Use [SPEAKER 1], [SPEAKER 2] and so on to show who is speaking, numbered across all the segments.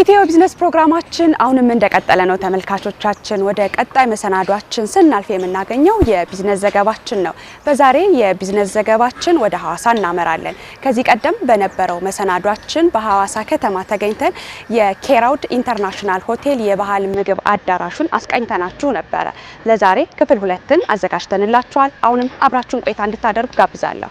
[SPEAKER 1] ኢትዮ ቢዝነስ ፕሮግራማችን አሁንም እንደቀጠለ ነው ተመልካቾቻችን። ወደ ቀጣይ መሰናዷችን ስናልፍ የምናገኘው የቢዝነስ ዘገባችን ነው። በዛሬ የቢዝነስ ዘገባችን ወደ ሐዋሳ እናመራለን። ከዚህ ቀደም በነበረው መሰናዷችን በሐዋሳ ከተማ ተገኝተን የኬራውድ ኢንተርናሽናል ሆቴል የባህል ምግብ አዳራሹን አስቃኝተናችሁ ነበረ። ለዛሬ ክፍል ሁለትን አዘጋጅተንላችኋል። አሁንም አብራችሁን ቆይታ እንድታደርጉ ጋብዛለሁ።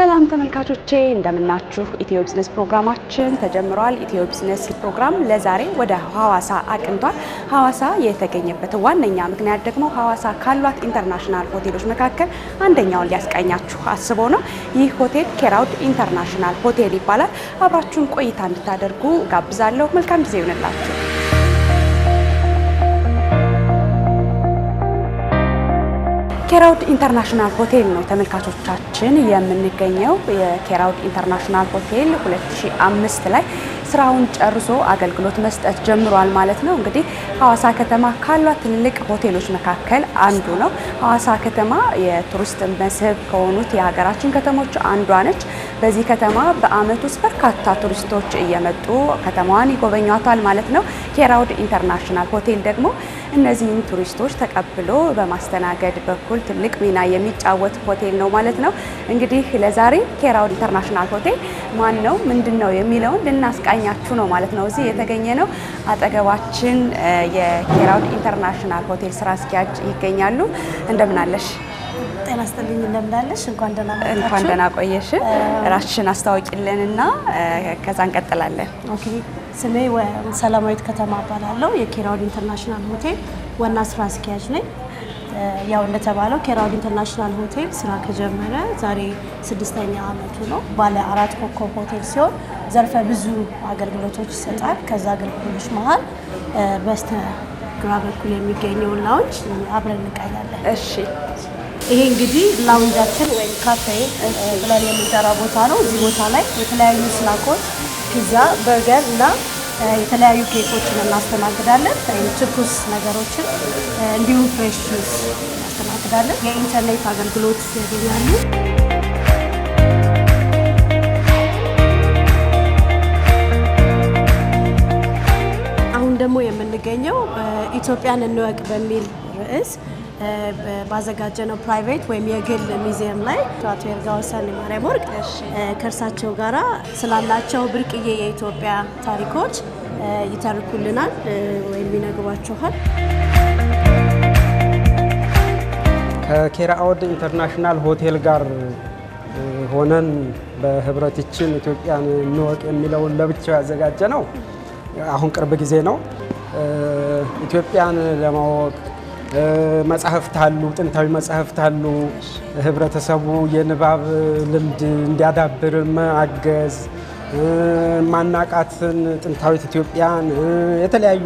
[SPEAKER 1] ሰላም ተመልካቾቼ እንደምናችሁ። ኢትዮ ቢዝነስ ፕሮግራማችን ተጀምሯል። ኢትዮ ቢዝነስ ፕሮግራም ለዛሬ ወደ ሀዋሳ አቅንቷል። ሀዋሳ የተገኘበት ዋነኛ ምክንያት ደግሞ ሀዋሳ ካሏት ኢንተርናሽናል ሆቴሎች መካከል አንደኛውን ሊያስቃኛችሁ አስቦ ነው። ይህ ሆቴል ኬራውድ ኢንተርናሽናል ሆቴል ይባላል። አብራችሁን ቆይታ እንድታደርጉ ጋብዛለሁ። መልካም ጊዜ ይሆንላችሁ። ኬራውድ ኢንተርናሽናል ሆቴል ነው ተመልካቾቻችን የምንገኘው። የኬራውድ ኢንተርናሽናል ሆቴል 2005 ላይ ስራውን ጨርሶ አገልግሎት መስጠት ጀምሯል ማለት ነው። እንግዲህ ሀዋሳ ከተማ ካሏት ትልልቅ ሆቴሎች መካከል አንዱ ነው። ሀዋሳ ከተማ የቱሪስት መስህብ ከሆኑት የሀገራችን ከተሞች አንዷ ነች። በዚህ ከተማ በአመት ውስጥ በርካታ ቱሪስቶች እየመጡ ከተማዋን ይጎበኟታል ማለት ነው። ኬራውድ ኢንተርናሽናል ሆቴል ደግሞ እነዚህን ቱሪስቶች ተቀብሎ በማስተናገድ በኩል ትልቅ ሚና የሚጫወት ሆቴል ነው ማለት ነው። እንግዲህ ለዛሬ ኬራውድ ኢንተርናሽናል ሆቴል ማን ነው ምንድን ነው የሚለውን ልናስቃኝ ልንቃኛችሁ ነው ማለት ነው። እዚህ የተገኘ ነው። አጠገባችን የኬራውድ ኢንተርናሽናል ሆቴል ስራ አስኪያጅ ይገኛሉ። እንደምናለሽ? ጤና ይስጥልኝ። እንደምናለሽ? እንኳን ደህና እንኳን ደህና ቆየሽ። ራስሽን አስታውቂልን ከዛ እንቀጥላለን። ኦኬ። ስሜ ሰላማዊት ከተማ እባላለሁ። የኬራውድ ኢንተርናሽናል ሆቴል ዋና ስራ አስኪያጅ ነኝ። ያው እንደተባለው ኬራውድ ኢንተርናሽናል ሆቴል ስራ ከጀመረ ዛሬ ስድስተኛ አመቱ ነው። ባለ አራት ኮከብ ሆቴል ሲሆን ዘርፈ ብዙ አገልግሎቶች ይሰጣል። ከዛ አገልግሎቶች መሀል በስተ ግራ በኩል የሚገኘውን ላውንጅ አብረን እንቃኛለን። እሺ፣ ይሄ እንግዲህ ላውንጃችን ወይም ካፌ ብለን የሚጠራ ቦታ ነው። እዚህ ቦታ ላይ የተለያዩ ስናኮች፣ ፒዛ፣ በርገር እና የተለያዩ ኬኮችን እናስተናግዳለን። ትኩስ ነገሮችን እንዲሁም ፍሬሽ ጁስ እናስተናግዳለን። የኢንተርኔት አገልግሎት ያገኛሉ። ደግሞ የምንገኘው ኢትዮጵያን እንወቅ በሚል ርዕስ ባዘጋጀነው ፕራይቬት ወይም የግል ሚዚየም ላይ አቶ ይርጋ ወሰን ማርያም ወርቅ ከእርሳቸው ጋራ ስላላቸው ብርቅዬ የኢትዮጵያ ታሪኮች ይተርኩልናል ወይም ይነግሯችኋል።
[SPEAKER 2] ከኬራ ኢንተርናሽናል ሆቴል ጋር ሆነን በህብረትችን ኢትዮጵያን እንወቅ የሚለውን ለብቻው ያዘጋጀ ነው። አሁን ቅርብ ጊዜ ነው። ኢትዮጵያን ለማወቅ መጽሐፍት አሉ፣ ጥንታዊ መጽሐፍት አሉ። ህብረተሰቡ የንባብ ልምድ እንዲያዳብር ማገዝ፣ ማናቃትን ጥንታዊት ኢትዮጵያን የተለያዩ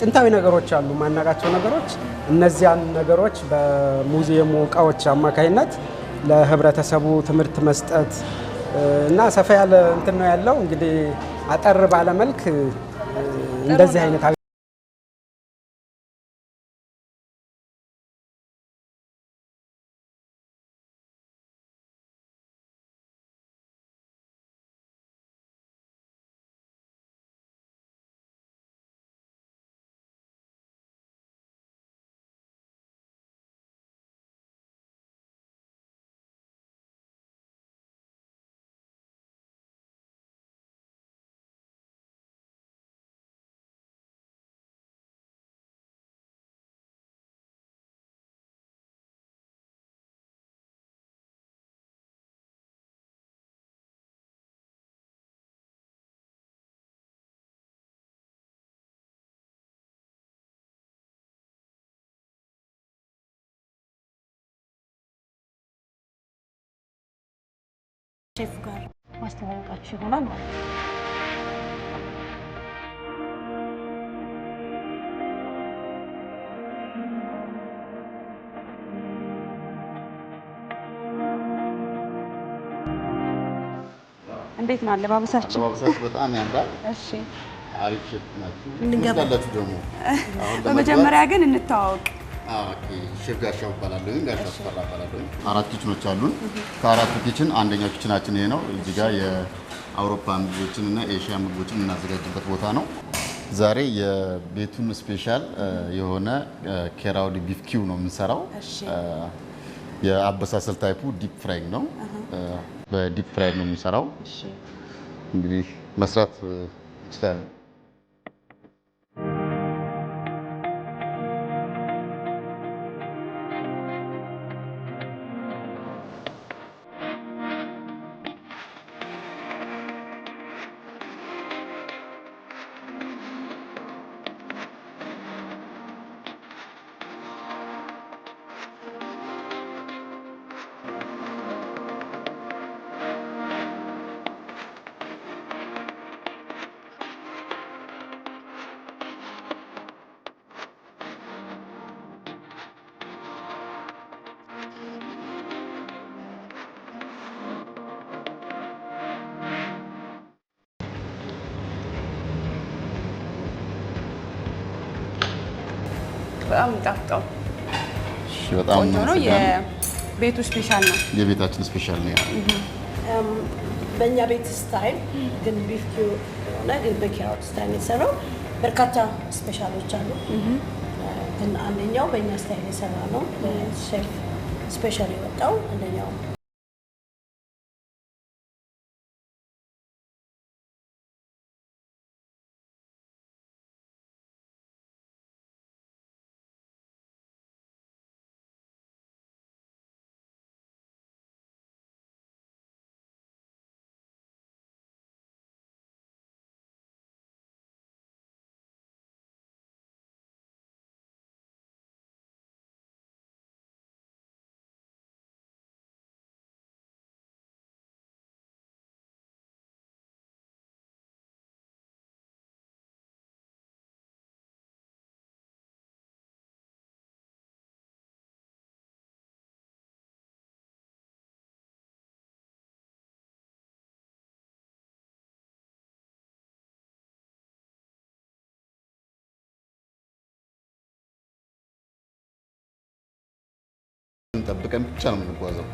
[SPEAKER 2] ጥንታዊ ነገሮች አሉ፣ ማናቃቸው ነገሮች። እነዚያን ነገሮች በሙዚየሙ እቃዎች አማካኝነት ለህብረተሰቡ ትምህርት መስጠት እና ሰፋ ያለ እንትን ነው ያለው። እንግዲህ አጠር ባለመልክ እንደዚህ አይነት
[SPEAKER 1] ሼፉ ጋር ማስተዋወቃችሁ ይሆናል ማለት ነው። እንዴት ነው አለባበሳችሁ?
[SPEAKER 3] አለባበሳችሁ በጣም ያምራል። እሺ፣ አሪፍ ሸፍ ናችሁ።
[SPEAKER 1] በመጀመሪያ ግን እንተዋወቅ
[SPEAKER 3] ሼፍ ጋሻው እባላለሁ። ጋሻ አስፈራ እባላለሁ። አራት ኪችኖች አሉን። ከአራቱ ኪችን አንደኛው ኪችናችን ይሄ ነው። እዚህ ጋር የአውሮፓ ምግቦችን እና ኤሽያ ምግቦችን የምናዘጋጅበት ቦታ ነው። ዛሬ የቤቱን ስፔሻል የሆነ ኬራውዲ ቢፍ ኪው ነው የምንሰራው። የአበሳሰል ታይፑ ዲፕ ፍራይንግ ነው። በዲፕ ፍራይንግ ነው የምንሰራው። እንግዲህ መስራት ይችላል።
[SPEAKER 1] በጣም ጣፍጣው በጣም ነው። የቤቱ ስፔሻል ነው።
[SPEAKER 3] የቤታችን ስፔሻል ነው።
[SPEAKER 1] በእኛ ቤት ስታይል ግን ቢፍ ሆነ ግን በኪራዎች ስታይል የተሰራው በርካታ ስፔሻሎች አሉ። ግን አንደኛው በእኛ ስታይል የሰራ ነው ሼፍ ስፔሻል የወጣው አንደኛው tam do kempczanów wypłazał.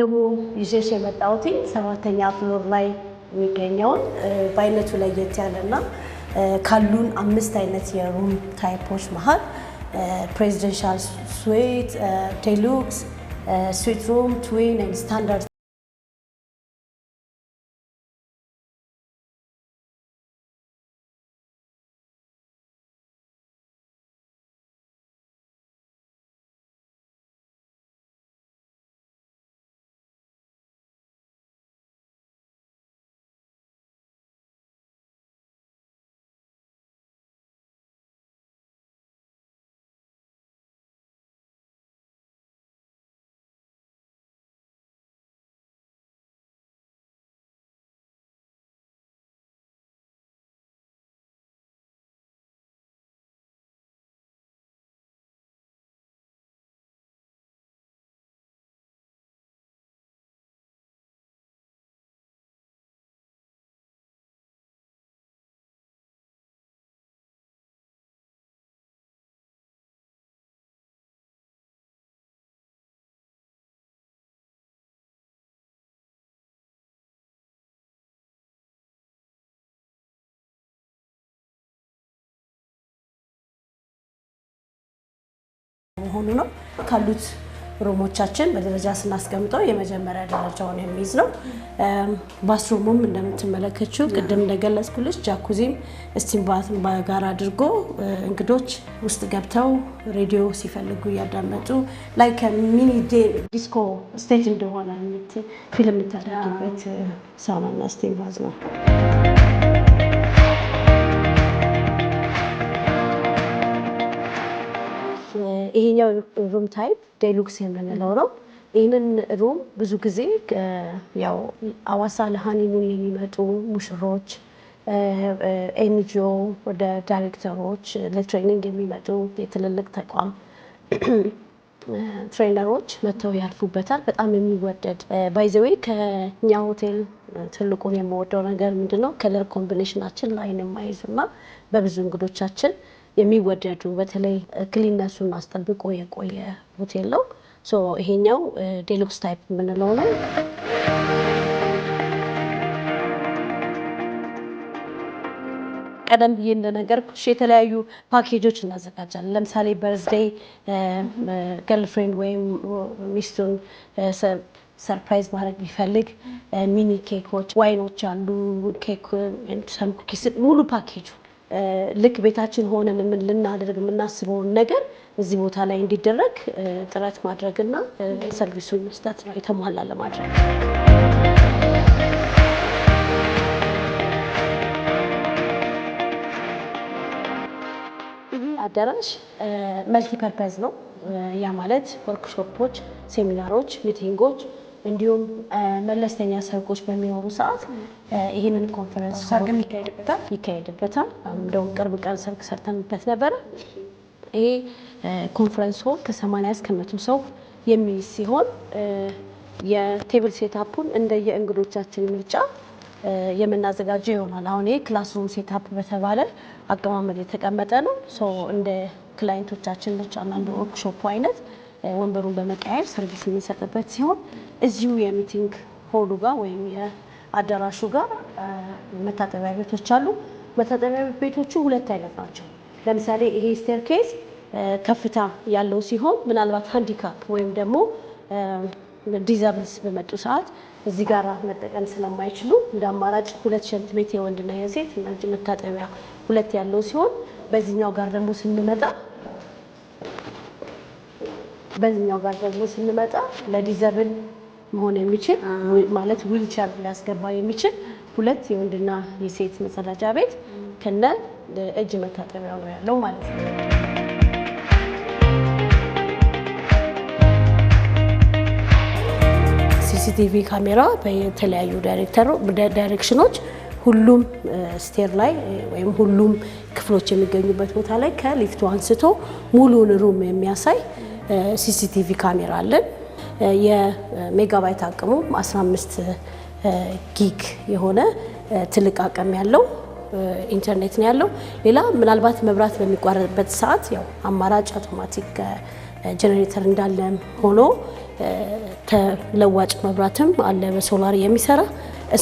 [SPEAKER 1] ደግሞ ይዤሽ የመጣሁት ሰባተኛ ፍሎር ላይ የሚገኘውን በአይነቱ ለየት ያለና ካሉን አምስት አይነት የሩም ታይፖች መሀል ፕሬዚደንሻል ስዊት፣ ዴሉክስ፣ ስዊት ሩም፣ ትዊን፣ ስታንዳርድ መሆኑ ነው። ካሉት ሩሞቻችን በደረጃ ስናስቀምጠው የመጀመሪያ ደረጃውን የሚይዝ ነው። ባስሩሙም እንደምትመለከችው ቅድም እንደገለጽኩልሽ ጃኩዚም እስቲም በጋራ አድርጎ እንግዶች ውስጥ ገብተው ሬዲዮ ሲፈልጉ እያዳመጡ ላይ ከሚኒ ዲስኮ ስቴጅ እንደሆነ ፊልም የምታደርግበት ሳውናና ስቲም ባዝ ነው። ይሄኛው ሩም ታይፕ ዴሉክስ የምንለው ነው። ይህንን ሩም ብዙ ጊዜ ያው አዋሳ ለሀኒሙን የሚመጡ ሙሽሮች፣ ኤንጂኦ ወደ ዳይሬክተሮች ለትሬኒንግ የሚመጡ የትልልቅ ተቋም ትሬነሮች መጥተው ያልፉበታል። በጣም የሚወደድ ባይዘዌ ከኛ ሆቴል ትልቁን የምወደው ነገር ምንድነው ከለር ኮምቢኔሽናችን ለአይን የማይዝ እና በብዙ እንግዶቻችን የሚወደዱ በተለይ ክሊነሱን አስጠብቆ የቆየ ሆቴል ነው። ይሄኛው ዴሉክስ ታይፕ የምንለው ነው። ቀደም ብዬ እንደነገርኩሽ የተለያዩ ፓኬጆች እናዘጋጃለን። ለምሳሌ በርዝዴይ ገርልፍሬንድ ወይም ሚስቱን ሰርፕራይዝ ማድረግ ቢፈልግ ሚኒ ኬኮች፣ ዋይኖች አሉ። ኬክ፣ ሙሉ ፓኬጅ ልክ ቤታችን ሆነን ምን ልናደርግ የምናስበውን ነገር እዚህ ቦታ ላይ እንዲደረግ ጥረት ማድረግና ሰርቪሱን መስጠት ነው፣ የተሟላ ለማድረግ አዳራሽ መልቲፐርፐዝ ነው። ያ ማለት ወርክሾፖች፣ ሴሚናሮች፣ ሚቲንጎች እንዲሁም መለስተኛ ሰርጎች በሚኖሩ ሰዓት ይህንን ኮንፈረንስ ይካሄድበታል ይካሄድበታል። እንደውም ቅርብ ቀን ሰርግ ሰርተንበት ነበረ። ይሄ ኮንፈረንስ ሆል ከ80 እስከ መቶ ሰው የሚይዝ ሲሆን የቴብል ሴታፑን እንደ የእንግዶቻችን ምርጫ የምናዘጋጀው ይሆናል። አሁን ይሄ ክላስሩም ሴታፕ በተባለ አቀማመጥ የተቀመጠ ነው። እንደ ክላይንቶቻችን ምርጫና እንደ ወርክሾፕ አይነት ወንበሩን በመቀያየር ሰርቪስ የምንሰጥበት ሲሆን እዚሁ የሚቲንግ ሆሉ ጋር ወይም የአዳራሹ ጋር መታጠቢያ ቤቶች አሉ። መታጠቢያ ቤቶቹ ሁለት አይነት ናቸው። ለምሳሌ ይሄ ስቴርኬዝ ከፍታ ያለው ሲሆን ምናልባት ሃንዲካፕ ወይም ደግሞ ዲዛብልስ በመጡ ሰዓት እዚህ ጋር መጠቀም ስለማይችሉ እንደ አማራጭ ሁለት ሽንት ቤት የወንድና የሴት እነዚህ መታጠቢያ ሁለት ያለው ሲሆን በዚህኛው ጋር ደግሞ ስንመጣ በዚህኛው ጋር ደግሞ ስንመጣ ለዲዘብል መሆን የሚችል ማለት ዊልቸር ሊያስገባ የሚችል ሁለት የወንድና የሴት መጸዳጃ ቤት ከነ እጅ መታጠቢያው ነው ያለው ማለት ነው። ሲሲቲቪ ካሜራ በተለያዩ ዳይሬክሽኖች ሁሉም ስቴር ላይ ወይም ሁሉም ክፍሎች የሚገኙበት ቦታ ላይ ከሊፍቱ አንስቶ ሙሉን ሩም የሚያሳይ ሲሲቲቪ ካሜራ አለን። የሜጋባይት አቅሙ 15 ጊግ የሆነ ትልቅ አቅም ያለው ኢንተርኔት ነው ያለው። ሌላ ምናልባት መብራት በሚቋረጥበት ሰዓት ያው አማራጭ አውቶማቲክ ጀኔሬተር እንዳለ ሆኖ ተለዋጭ መብራትም አለ በሶላር የሚሰራ።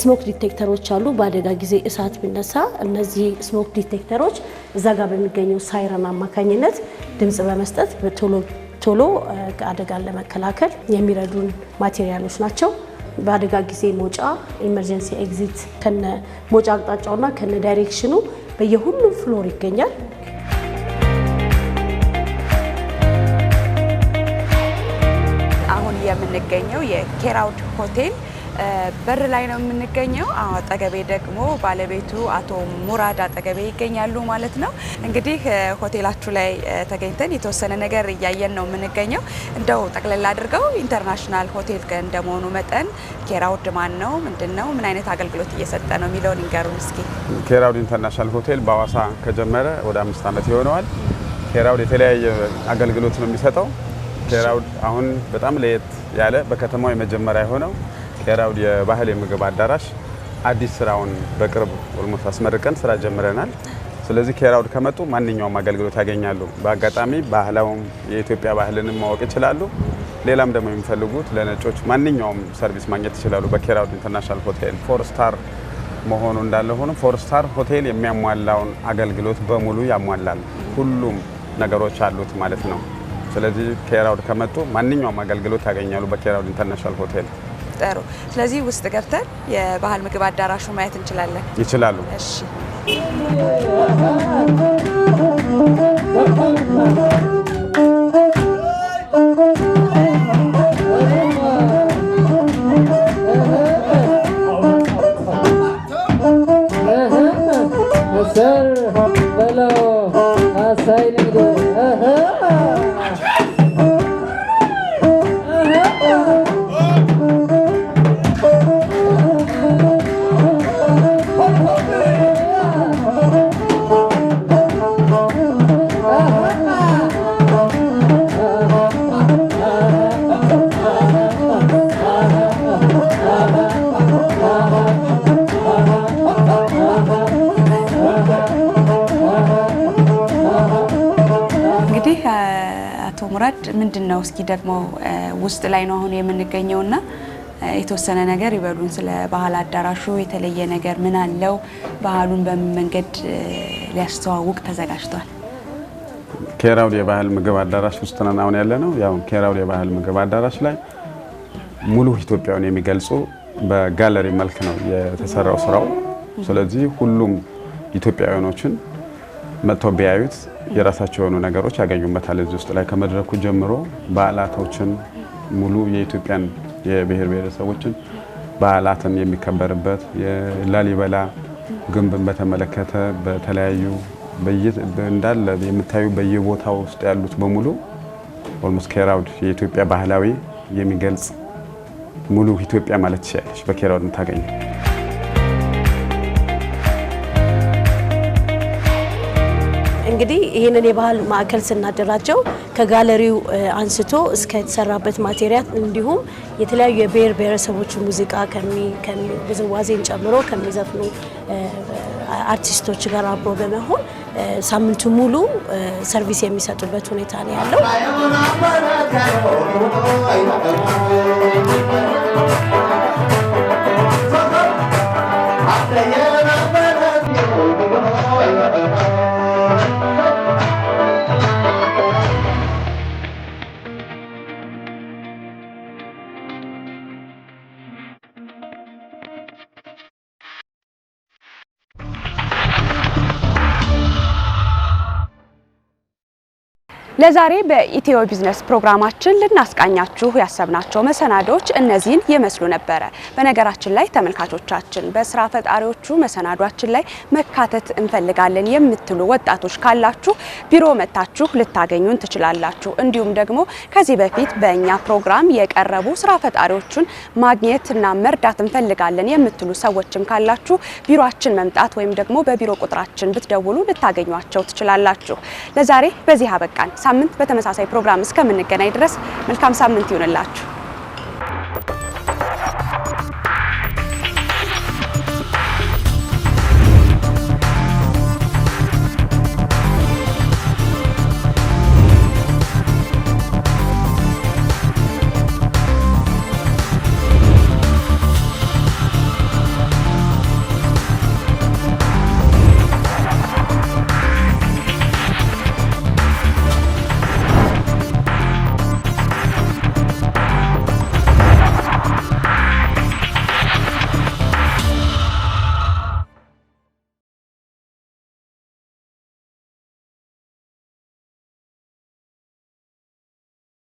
[SPEAKER 1] ስሞክ ዲቴክተሮች አሉ። በአደጋ ጊዜ እሳት ቢነሳ እነዚህ ስሞክ ዲቴክተሮች እዛ ጋር በሚገኘው ሳይረን አማካኝነት ድምፅ በመስጠት በቶሎ ቶሎ አደጋን ለመከላከል የሚረዱን ማቴሪያሎች ናቸው። በአደጋ ጊዜ መውጫ ኢመርጀንሲ ኤግዚት ከነ መውጫ አቅጣጫውና ከነ ዳይሬክሽኑ በየሁሉም ፍሎር ይገኛል። አሁን የምንገኘው የኬራውድ ሆቴል በር ላይ ነው የምንገኘው። አጠገቤ ደግሞ ባለቤቱ አቶ ሙራድ አጠገቤ ይገኛሉ ማለት ነው። እንግዲህ ሆቴላችሁ ላይ ተገኝተን የተወሰነ ነገር እያየን ነው የምንገኘው። እንደው ጠቅለል አድርገው ኢንተርናሽናል ሆቴል እንደመሆኑ መጠን ኬራውድ ማን ነው፣ ምንድን ነው፣ ምን አይነት አገልግሎት እየሰጠ ነው የሚለውን ይንገሩን እስኪ።
[SPEAKER 4] ኬራውድ ኢንተርናሽናል ሆቴል በአዋሳ ከጀመረ ወደ አምስት ዓመት ይሆነዋል። ኬራውድ የተለያየ አገልግሎት ነው የሚሰጠው። ኬራውድ አሁን በጣም ለየት ያለ በከተማው የመጀመሪያ የሆነው የራውድ የባህል የምግብ አዳራሽ አዲስ ስራውን በቅርብ ኦልሞስ አስመርቀን ስራ ጀምረናል። ስለዚህ ከራውድ ከመጡ ማንኛውም አገልግሎት ያገኛሉ። በአጋጣሚ ባህላውም የኢትዮጵያ ባህልንም ማወቅ ይችላሉ። ሌላም ደግሞ የሚፈልጉት ለነጮች ማንኛውም ሰርቪስ ማግኘት ይችላሉ። በኬራውድ ኢንተርናሽናል ሆቴል ፎር ስታር መሆኑ እንዳለ ሆኖ ፎር ስታር ሆቴል የሚያሟላውን አገልግሎት በሙሉ ያሟላል። ሁሉም ነገሮች አሉት ማለት ነው። ስለዚህ ኬራውድ ከመጡ ማንኛውም አገልግሎት ያገኛሉ በኬራውድ ኢንተርናሽናል ሆቴል።
[SPEAKER 1] መፍጠሩ። ስለዚህ ውስጥ ገብተን የባህል ምግብ አዳራሹ ማየት እንችላለን። ይችላሉ። እሺ ምንድን ነው እስኪ ደግሞ ውስጥ ላይ ነው አሁን የምንገኘው እና የተወሰነ ነገር ይበሉን ስለ ባህል አዳራሹ የተለየ ነገር ምን አለው ባህሉን በምን መንገድ ሊያስተዋውቅ ተዘጋጅቷል
[SPEAKER 5] ኬራውድ የባህል ምግብ አዳራሽ ውስጥ ነን አሁን ያለ ነው ያው ኬራውድ የባህል ምግብ አዳራሽ ላይ ሙሉ ኢትዮጵያውን የሚገልጹ በጋለሪ መልክ ነው የተሰራው ስራው ስለዚህ ሁሉም ኢትዮጵያውያኖችን መጥተው ቢያዩት የራሳቸው የሆኑ ነገሮች ያገኙበታል። እዚህ ውስጥ ላይ ከመድረኩ ጀምሮ በዓላቶችን ሙሉ የኢትዮጵያን የብሔር ብሔረሰቦችን በዓላትን የሚከበርበት የላሊበላ ግንብን በተመለከተ በተለያዩ እንዳለ የምታዩ በየቦታው ውስጥ ያሉት በሙሉ ኦልሞስት ኬራውድ የኢትዮጵያ ባህላዊ የሚገልጽ ሙሉ ኢትዮጵያ ማለት ትችላለች በኬራውድ የምታገኘው
[SPEAKER 1] እንግዲህ ይህንን የባህል ማዕከል ስናደራጀው ከጋለሪው አንስቶ እስከተሰራበት ማቴሪያል እንዲሁም የተለያዩ የብሔር ብሔረሰቦች ሙዚቃ ውዝዋዜን ጨምሮ ከሚዘፍኑ አርቲስቶች ጋር አብሮ በመሆን ሳምንቱ ሙሉ ሰርቪስ የሚሰጡበት ሁኔታ ነው ያለው። ለዛሬ በኢትዮ ቢዝነስ ፕሮግራማችን ልናስቃኛችሁ ያሰብናቸው መሰናዶዎች እነዚህን ይመስሉ ነበረ። በነገራችን ላይ ተመልካቾቻችን በስራ ፈጣሪዎቹ መሰናዷችን ላይ መካተት እንፈልጋለን የምትሉ ወጣቶች ካላችሁ ቢሮ መታችሁ ልታገኙን ትችላላችሁ። እንዲሁም ደግሞ ከዚህ በፊት በእኛ ፕሮግራም የቀረቡ ስራ ፈጣሪዎቹን ማግኘትና መርዳት እንፈልጋለን የምትሉ ሰዎችም ካላችሁ ቢሮአችን መምጣት ወይም ደግሞ በቢሮ ቁጥራችን ብትደውሉ ልታገኟቸው ትችላላችሁ። ለዛሬ በዚህ አበቃን። ሳምንት በተመሳሳይ ፕሮግራም እስከምንገናኝ ድረስ መልካም ሳምንት ይሁንላችሁ።